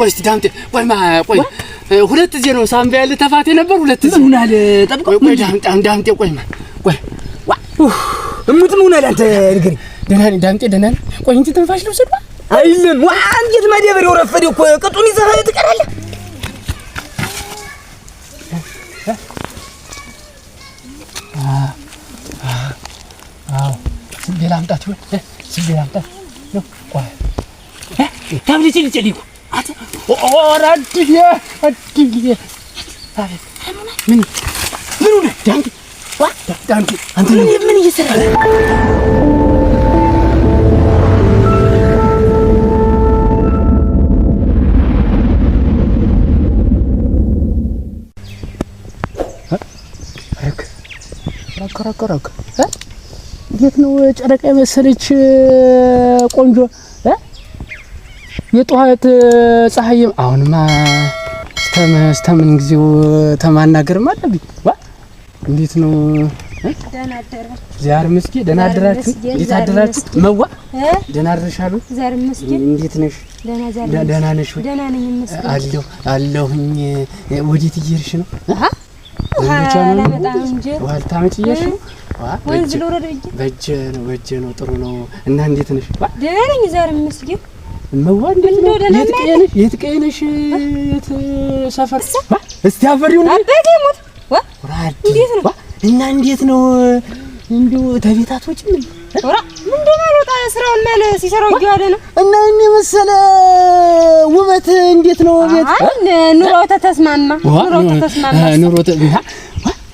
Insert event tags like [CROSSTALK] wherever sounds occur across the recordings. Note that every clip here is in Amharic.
ቆይ እስቲ ዳምጤ ቆይ ማ ቆይ ሁለት ጊዜ ነው ሳምባ ያለ ተፋቴ ነበር። ሁለት ጊዜ ምን አለ ጠብቀው። ቆይ ዳምጤ ዳምጤ ቆይ ማ ቆይ ዋ እሙት ምን አለ አንተ ንገሪ። ደህና ነኝ ዳምጤ ደህና ነኝ። ቆይ እንጂ ትንፋሽ ነው ባ አይልም ዋ እንዴት ማደበሪያው ረፈደ እኮ ቅጡን ይዘህ ትቀራለህ። አዎ ስንዴ ላምጣት ይሆን ስንዴ ላምጣት ነው ቆይ ታብልጭ ልጭ ሊቁ ምን እየሰራ ነው ጨረቃ የመሰለች ቆንጆ የጠዋት ፀሐይም አሁንማ ስተምን ጊዜው ተማናገርም አለብኝ። እንዴት ነው? ዛር ምስኪ ደህና አደራችሁ? እንዴት አደራችሁ? መዋ ደህና አድረሻሉ? ዛር ምስኪ እንዴት ነሽ? ደህና ነሽ? ደህና ነኝ ምስኪ አለሁ አለሁኝ። ወዴት እየሄድሽ ነው? ውሃ ልታመጪ ነው? በእጄ ነው በእጄ ነው። ጥሩ ነው እና እንዴት ነሽ? ደህና ነኝ ዛር ምስኪ እመዋ እና እንዴት ነው እንዲሁ ተቤታት ወጪ ምን ወራ ምን ደማሎታ ስራውን ማለ ሲሰራው ይያለ ነው እና እኔ መሰለ ውበት እንዴት ነው ቤት ኑሮ ተተስማማ ኑሮ ተተስማማ ኑሮ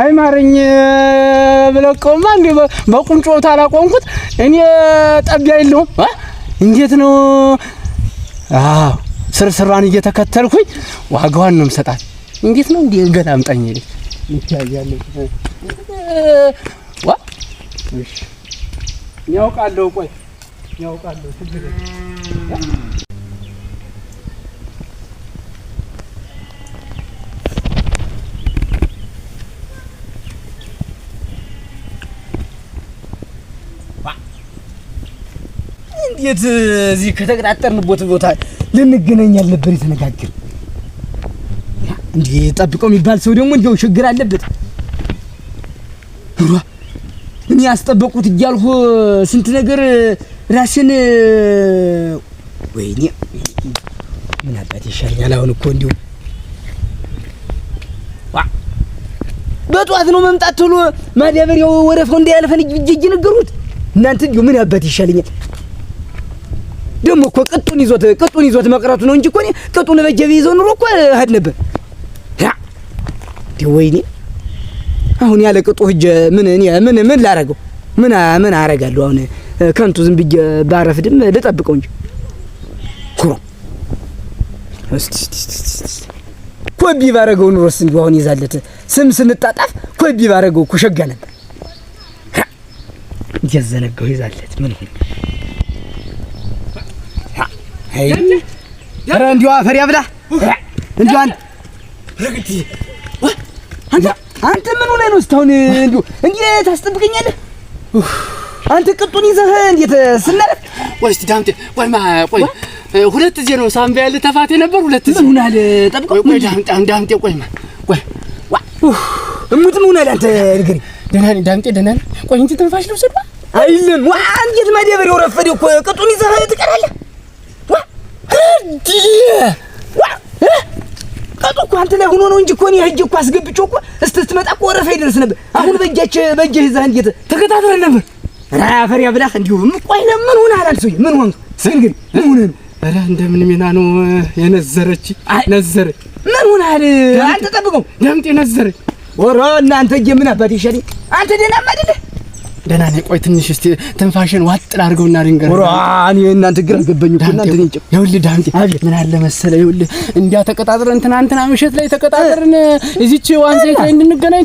አይ ማረኝ ብለቀውማ እንደ በቁንጮ ታላቆንኩት እኔ ጠቢያ የለውም። እንዴት ነው? አዎ ስርስሯን እየተከተልኩኝ ዋጋዋን ነው የምሰጣት። እንዴት ነው? እንደ ገላምጣኝ ይልኝ ዋ ያውቃለሁ። ቆይ ያውቃለሁ። ትግሬ እንዴት እዚህ ከተቀጣጠርንበት ቦታ ልንገናኝ ያልነበር የተነጋገር እንዴ? ጠብቀው የሚባል ሰው ደግሞ እንዲያው ችግር አለበት። ሯ እኔ ያስጠበቁት እያልሁ ስንት ነገር ራስን ወይኔ ምን አባት ይሻለኛል። አሁን እኮ እንዲሁ በጠዋት ነው መምጣት ቶሎ ማዳበሪያው ወረፋው እንዳያልፈን እጅ እጅ ነገሩት። እናንተ እንዲሁ ምን አባት ይሻለኛል። ደግሞ እኮ ቅጡን ይዞት ቅጡን ይዞት መቅረቱ ነው እንጂ እኮ እኔ ቅጡን በጀብ ይዘው ኑሮ እኮ እህድ ነበር። ወይኔ አሁን ያለ ቅጡ ህጀ ምን ምን ምን ላረገው? ምን ምን አረጋለሁ አሁን ከንቱ ዝም ብዬ ባረፍድም ልጠብቀው እንጂ ኩሮ ኮቢ ባረገው ኑሮስ እንዲሁ አሁን ይዛለት ስም ስንጣጣፍ ኮቢ ባረገው እኮ ሸጋ ነበር። እየዘነጋው ይዛለት ምን ሆነ ኧረ እንዲሁ አፈር ያብላ። እንዲሁ አንተ አንተ ምኑ ላይ ነው እስካሁን እንዲሁ እንዲህ ታስጠብቀኛለህ? አንተ ቅጡን ይዘህ እንዴት ስናረፍ ወይ እስቲ ዳምጤ ወይ ማ ቆይ ሁለት ጊዜ ነው ሳምባ ያለ ተፋቴ ነበር። ሁለት ጊዜ ምን አለ ጠብቀው። ቆይ ዳምጤ ዳምጤ ቆይ ማ ቆይ ዋ እሙት ምን አለ አንተ ንገረኝ። ደህና ነኝ ዳምጤ ደህና ነኝ። ቆይ እንጂ ትንፋሽ ልውሰድ አይልም። ዋ እንዴት ማደበሪያው ረፈደ እኮ ቅጡን ይዘህ ትቀራለህ ቀጡ እኮ አንተ ላይ ሆኖ ነው እንጂ እኮ እኔ ህጅ እኮ አስገብቼው እኮ እስቲ ስትመጣ እኮ ወረፋ ይደርስ ነበር። አሁን በእጃቸው በእጅህ ይዘህ እንዴት ተከታተለን ነበር። ኧረ አፈሪያ ብላህ እንዲሁ ቆይ ለምን ሆነ አላል ሰውዬ ምን ሆንክ ስንግል ምን ሆነ ነው? ኧረ እንደምን ሚና ነው የነዘረች ነዘረ ምን ሆነ አለ አንተ ጠብቀው ደምጤ ነዘረ ወራ እናንተ እጄ ምን አባት ይሻለኝ አንተ ደህና አይደለ ደህና ነኝ። ቆይ ትንሽ እስቲ ትንፋሽን ዋጥ አድርገውና ድንገር እኔ እናንተ ግራ ገበኝ እኮ እናንተ ነኝ። ይኸውልህ ዳንቴ ምን አለ መሰለህ፣ ይኸውልህ እንዲያ ተቀጣጥረን ትናንትና ምሽት ላይ ተቀጣጥረን እዚች ዋንዘይት ላይ እንድንገናኝ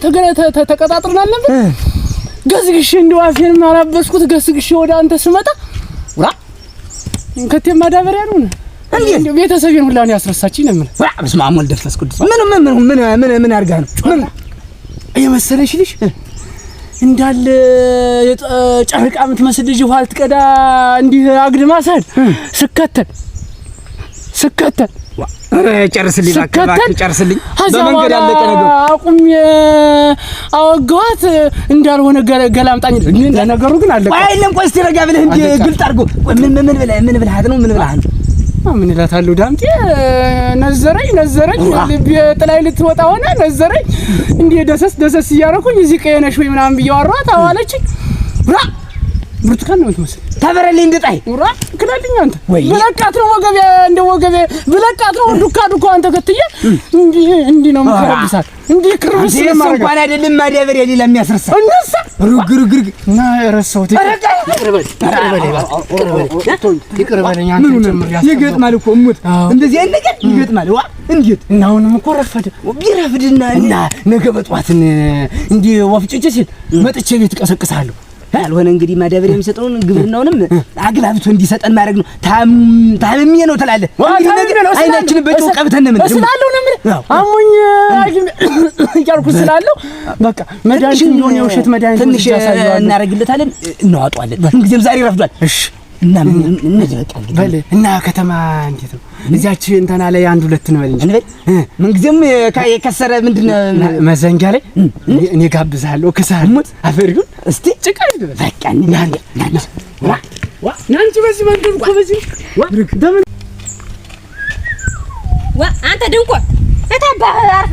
ተቀጣጥረን አልነበር? ገዝግሽ እንዲሁ አፌን አላበስኩት። ገዝግሽ ወደ አንተ ስመጣ ውራ እንከቴ ማዳበሪያ ነው እንዴ ቤተሰቤን ሁላ ነው ያስረሳችኝ። ነው ምን በስመ አብ ወልድ መንፈስ ቅዱስ ምን ምን ምን ምን ምን አድርጋ ነው ምን የመሰለሽ ልሽ እንዳለ ጨርቃ የምትመስል ልጅ ውሃ ልትቀዳ እንዲህ አግድማ ስከተ ስከተል ስከተል ጨርስልኝ ጨርስልኝ። አወጋኋት እንዳልሆነ ገላምጣኝ። ለነገሩ ግን ቆይ እስኪ ረጋ ብለህ እንዲህ ግልጥ አድርጎ ምን ምን ብለህ ምን ብለሃት ነው? ምን ብለሃት ነው? ምን እላታለሁ ዳምጤ ነዘረኝ ነዘረኝ ልቤ ጥላይ ልትወጣ ሆነ ነዘረኝ እንዲህ ደሰስ ደሰስ እያደረኩኝ እዚህ ቀየነሽ ወይ ምናምን ብዬ አወራኋት አዋለችኝ ብራ ብርቱካን ነው የምትመስል። ታበረልኝ እንደ ጣይ ኑራ ክዳልኝ። አንተ ወይ ብለቃት ነው ወገቤ፣ እንደ ወገቤ ብለቃት ነው ዱካ ዱካ። አንተ ከትዬ እንዲህ እንዲህ ነው የምትረብሳት። እንዲህ ክርብስ ነው እንኳን አይደለም ማዳበር ሌላ የሚያስረሳ እንደዛ ሩግ ሩግ ሩግ እና ረሳሁት። ይገጥማል እኮ እሙት፣ እንደዚህ አይነት ነገር ይገጥማል። ዋ እንዴት እና አሁንም እኮ ረፈደ። ቢረፍድና እና ነገ በጠዋትን እንዲህ ወፍጭጭ ሲል መጥቼ ቤት እቀሰቅሳለሁ ያልሆነ እንግዲህ ማዳበሪያ የሚሰጠውን ግብርናውንም አግባብቶ እንዲሰጠን ማድረግ ነው። ታምሜ ነው ትላለህ። አይናችን በጭው ቀብተን ምን ስላለው ነው ምን አሞኝ [COUGHS] እያልኩ ስላለው በቃ መድኃኒት የውሸት መድኃኒት ትንሽ እናደርግለታለን፣ እናዋጧለን። ምንጊዜም ዛሬ ረፍዷል። እሺ እና እና ከተማ እንዴት ነው? እዚያች እንተና ላይ አንድ ሁለት እንበል እንጂ ምንጊዜም የከሰረ ምንድን መዘንጊያ ላይ እኔ ጋብዝሃለሁ። ክሳሙት አፈሪውን እስቲ ጭቃ ይበል በቃ። ናንቺ በዚህ መንገድ እኮ በዚህ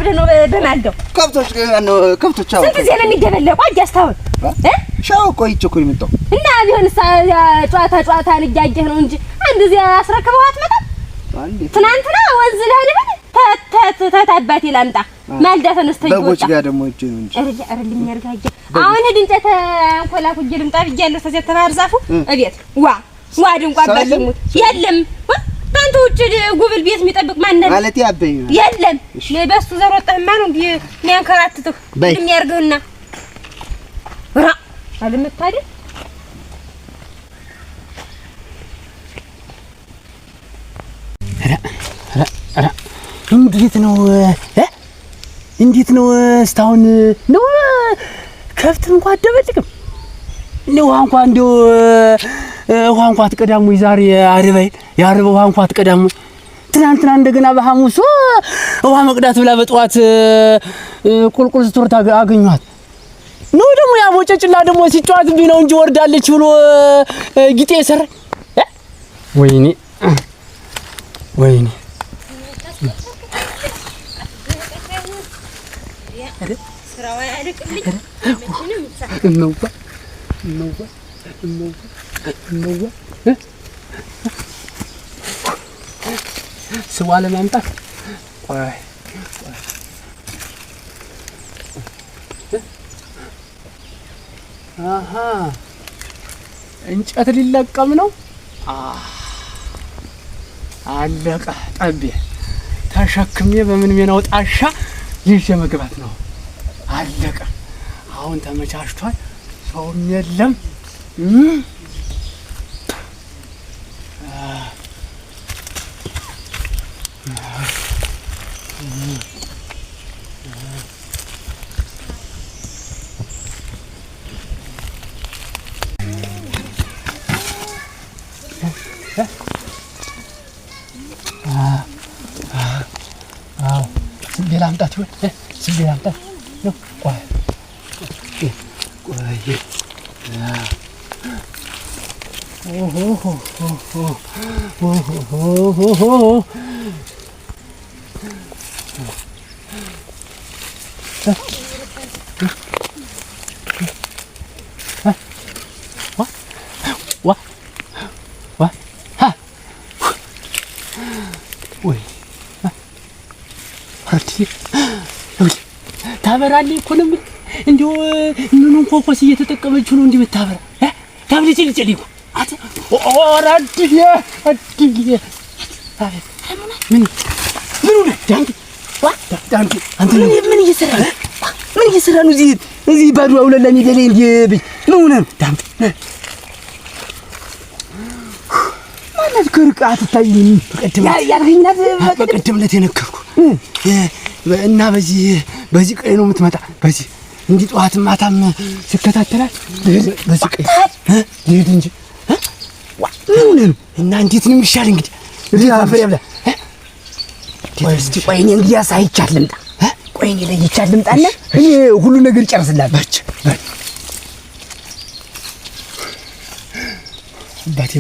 ብለህ ነው በማገው ከብቶች ነው ከብቶች አሁን ስንት ጊዜ ነው የሚደበለቁ? አጃስተውን ሻው ቆይቼ እኮ የመጣሁ እና ቢሆን ጨዋታ ጨዋታን እያየህ ነው እንጂ አንድ እዚህ አስረክበው አትመጣም። ትናንትና ወንዝ ለህን ምን ተታባቴ ላምጣ ማልዳ ተነስተኝ በጎች ጋር ደግሞ እጪ ነው እንጂ አረ አረ ሊመርጋ አሁን ሂድ እንጨት አንኮላኩዬ ልምጣ ብያለሁ። ተዘተ ባህር ዛፉ እቤት ዋ ዋ ድንቋ አባሽ ሙት የለም ውጭ ጉብል ቤት የሚጠብቅ ማን ማለት ያበይ የለም። በሱ ዘር ወጣህማ ነው እንዲ የሚያንከራትትህ ራ እንዴት ነው እንዴት ነው ነው ከብት አደበልቅም እንደው ውሃ እንኳ እንደው ውሃ እንኳ አትቀዳሙ ዛሬ አርበይ የአርበ ውሃ እንኳ አትቀዳሙ። ትናንትና እንደገና በሐሙስ ውሃ መቅዳት ብላ በጠዋት ቁልቁል ስትወርድ አገኘኋት። ኑ ደግሞ ያ ቦጨጭላ ደግሞ ሲጫወትብኝ ነው እንጂ ወርዳለች ብሎ ጊጤ ስር ወይኔ ወይኔ ነው እመዋ እመዋ እመዋ ስዋ ለማምጣት ቆይ አሀ እንጨት ሊለቀም ነው። አለቀ ጠቤ ተሸክሜ በምን ሜናው ጣሻ ይዤ መግባት ነው። አለቀ አሁን ተመቻችቷል። ሰውም የለም። 다베라니 코놈, 인도 눈은 곳곳이 이렇 뜨거면 주는 집에 다베라, 다베라 찔찔고 አድዬ አድዬ ምን እየሰራ ነው? እዚህ ባዶ አውለላ ሜዳ ላይ እንዲህ ምን ሆነ ነው? ዳምጤ ማለት ከርቃ አትታይም። በቀደም ዕለት የነገርኩ እና በዚህ በዚህ ቀይ ነው የምትመጣ በዚህ እንዲህ ጠዋትም ማታም ስከታተላል በዚህ ቀይ ልሂድ እንጂ እና እንዴት ነው የሚሻል? እንግዲህ እዚህ አፈር ያብላ። እስቲ ቆይ እኔ እንግዲህ አሳይቻት ልምጣ። ቆይ እኔ ለይቻት ልምጣና እኔ ሁሉ ነገር ይጨርስላለሁ። አባቴ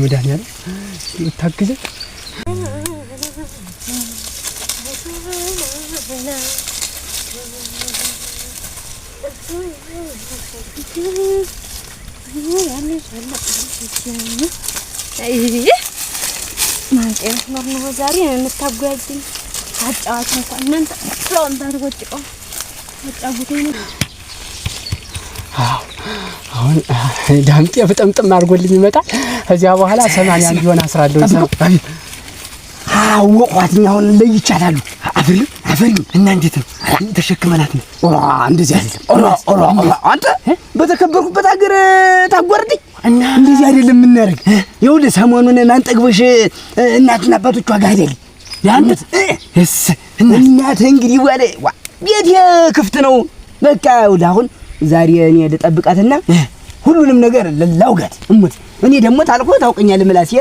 መድኃኒዓለም ታግዘ ማንጤ መስመር ነው ዛሬ የምታጓያዝኝ። አጫዋች እንኳን እናንተ ስለውን ታትቆጭቀው አጫቡትኝ። አሁን ዳምጤ ፍጥምጥም አድርጎልኝ ይመጣል። ከዚያ በኋላ ሰማንያ ቢሆን አስራለሁ። አወቋትኝ አሁን ለይ ይቻላሉ። አፍሪም አፍሪም እና እንዴት ነው ተሸክመናት ነው? እንደዚህ አይደለም አንተ በተከበርኩበት ሀገር ታጓርድኝ እና እንደዚህ አይደለም የምናደርግ። ይኸውልህ ሰሞኑን አንጠግበሽ እናትና አባቶቿ ጋር አይደል ያንተ እስ እናት እንግዲህ ወደ ቤት ክፍት ነው። በቃ ይኸውልህ አሁን ዛሬ እኔ ልጠብቃትና ሁሉንም ነገር ላውጋት እሙት። እኔ ደግሞ ታልኮ ታውቀኛለህ፣ ምላሴ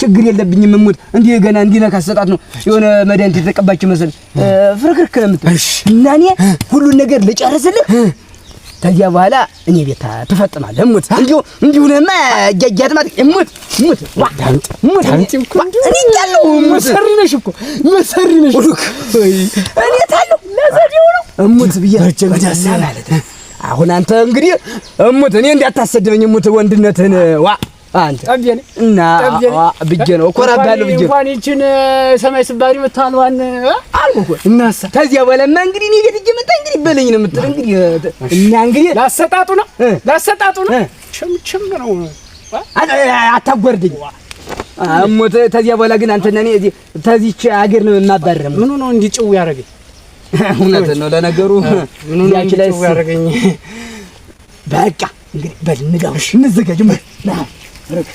ችግር የለብኝም እሙት። እንዲህ ገና እንዲህ ነካ ሰጣት ነው የሆነ መድኃኒት የተቀባች መስል ፍርክርክ ነው የምትል እና እኔ ሁሉን ነገር ልጨርስልህ ከዚያ በኋላ እኔ ቤት ትፈጥናለህ። እሙት እንዲሁ እንዲሁ ነማ እያያድማት እሙት እሙት ዳምጤ እሙት ዳምጤ እኮ እኔ እያለሁ መሰሪ ነሽ እኮ መሰሪ ነሽ እኔ ታለሁ ለዘዴው ነው እሙት ብዬ ወዳሳ ማለት አሁን አንተ እንግዲህ እሙት እኔ እንዳታሰድበኝ እሙት ወንድነትህን ዋ አንተ እና ብዬ ነው እኮራብሃለሁ ብዬ እንኳን ይችን ሰማይ ስባሪ መታልዋን አልኩ እና ከዚያ በኋላማ እንግዲህ እኔ ቤት እየመጣ እንግዲህ በለኝ ነው የምትል እንግዲህ እና እንግዲህ ላሰጣጡ ነው ላሰጣጡ ነው ችምችም ነው አታጓርደኝ እሞ ተዚያ በኋላ ግን አንተና እኔ ተዚች አገር ነው የማባረም ምኑ ነው እንዲህ ጭው ያደረገኝ እውነት ነው ለነገሩ ምኑ ነው እንዲህ ጭው ያደረገኝ በቃ እንግዲህ በል ንጋሽ እንዘጋጅ ምን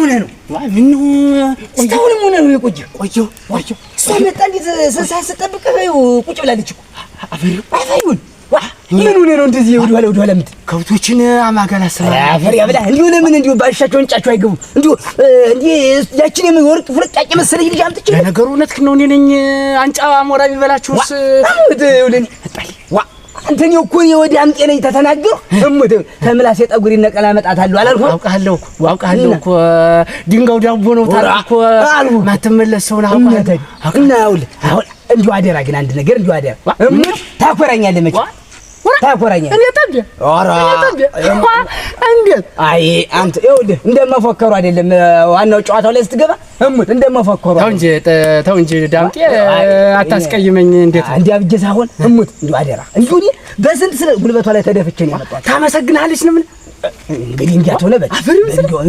ሆነህ ነው? ምን እስካሁንም ሆነህ ነው የቆየህ? ቆየሁ እሷ መጣ እንዴት ስንት ሰዓት ስጠብቅህ ቁጭ ብላለች እኮ አፈሪው ምን ሆነህ ነው እንደዚህ ወደ ኋላ ወደ ኋላ ከብቶችን ያብላ ለምን ባሻቸው እንጫቸው ያችን መሰለኝ ልጅ አምጥቼ ለነገሩ ነው። እኔ ነኝ አንጫ ሞራ ቢበላችሁስ? ወደ ወደን ዋ እኮ አምጤ ነኝ ተተናገሩ ነቀላ አውቃለሁ አውቃለሁ እኮ ድንጋው ዳቦ ነው ማትመለስ አውቃለሁ አውል አውል እንዲሁ አደራ ግን አንድ ነገር እንዲሁ አደራ ታኮራኛለህ። መቼ አይ አንተ እንደመፎከሩ አይደለም ዋናው ጨዋታው ላይ ስትገባ እሙት እንደመፎከሩ። ተው እንጂ ተው እንጂ ዳምጤ አታስቀይመኝ። እንዴት እንዲያ ብዬሽ ሳይሆን እሙት እንዲሁ አደራ እንዲሁ በስንት ስለ ጉልበቷ ላይ ተደፍቼ ነው ያመጣኋት። ታመሰግናለች ነው የምልህ እንግዲህ እንጃ ተው ነበር።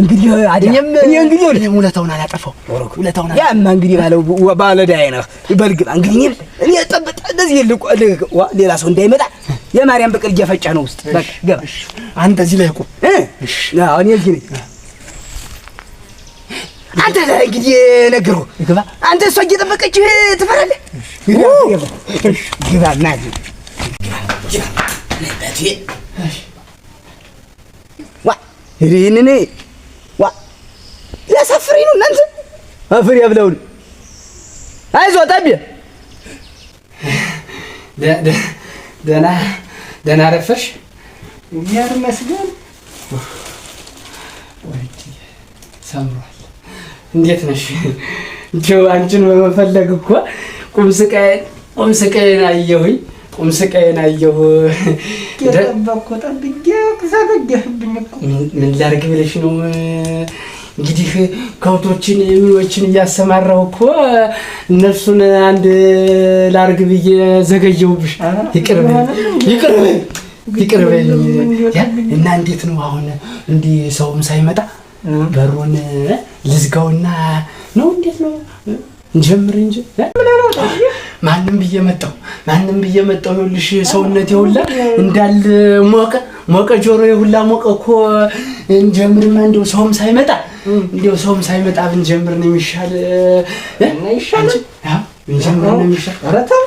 እንግዲህ እኔም እንግዲህ እኔም ውለታውን አላጠፋው ውለታውን ያማ እንግዲህ ባለው ባለዳይ ነህ በልግባ እንግዲህ እኔ ጠብጥ እንደዚህ ሌላ ሰው እንዳይመጣ የማርያም ብቅል እየፈጨህ ነው ውስጥ በቃ ገባ። አንተ እዚህ ላይ ቁም። አዎ እኔ እዚህ ነኝ። አንተ እንግዲህ ነግሮ ግባ። አንተ እሷ እየጠበቀችህ ትፈራለህ። ግባ ግባ ግባ ይህን እኔ ዋ ሊያሳፍሪ ነው እናንተ አፍር ያብለውን አይዞ ጠብ ደና ደና ረፈሽ እግዚአብሔር ይመስገን ሰምሯል። እንዴት ነሽ? አንቺን በመፈለግ እኮ ቁም ስቃዬን ቁም ስቃዬን አየሁኝ። ቁም ስቃዬን አየሁ። ጠበኩ ጠብቄ ዘገደህብኝ እኮ ምን ላድርግ ብለሽ ነው እንግዲህ ከብቶችን ምኖችን እያሰማራሁ እኮ እነሱን አንድ ላድርግ ብዬ ዘገየሁብሽ። ይቅርብ ይቅርብ ይቅርብ። እና እንዴት ነው አሁን እንዲህ ሰውም ሳይመጣ በሩን ልዝጋውና ነው እንዴት ነው እንጀምር እንጂ ማንም ብዬ መጣው ማንም ብዬ መጣው ይኸውልሽ ሰውነት ሁላ እንዳል ሞቀ ሞቀ ጆሮ ሁላ ሞቀ እኮ። እንጀምርማ እንደው ሰውም ሳይመጣ እንደው ሰውም ሳይመጣ ብንጀምር ነው የሚሻል። ብንጀምር ነው የሚሻል። ኧረ ተው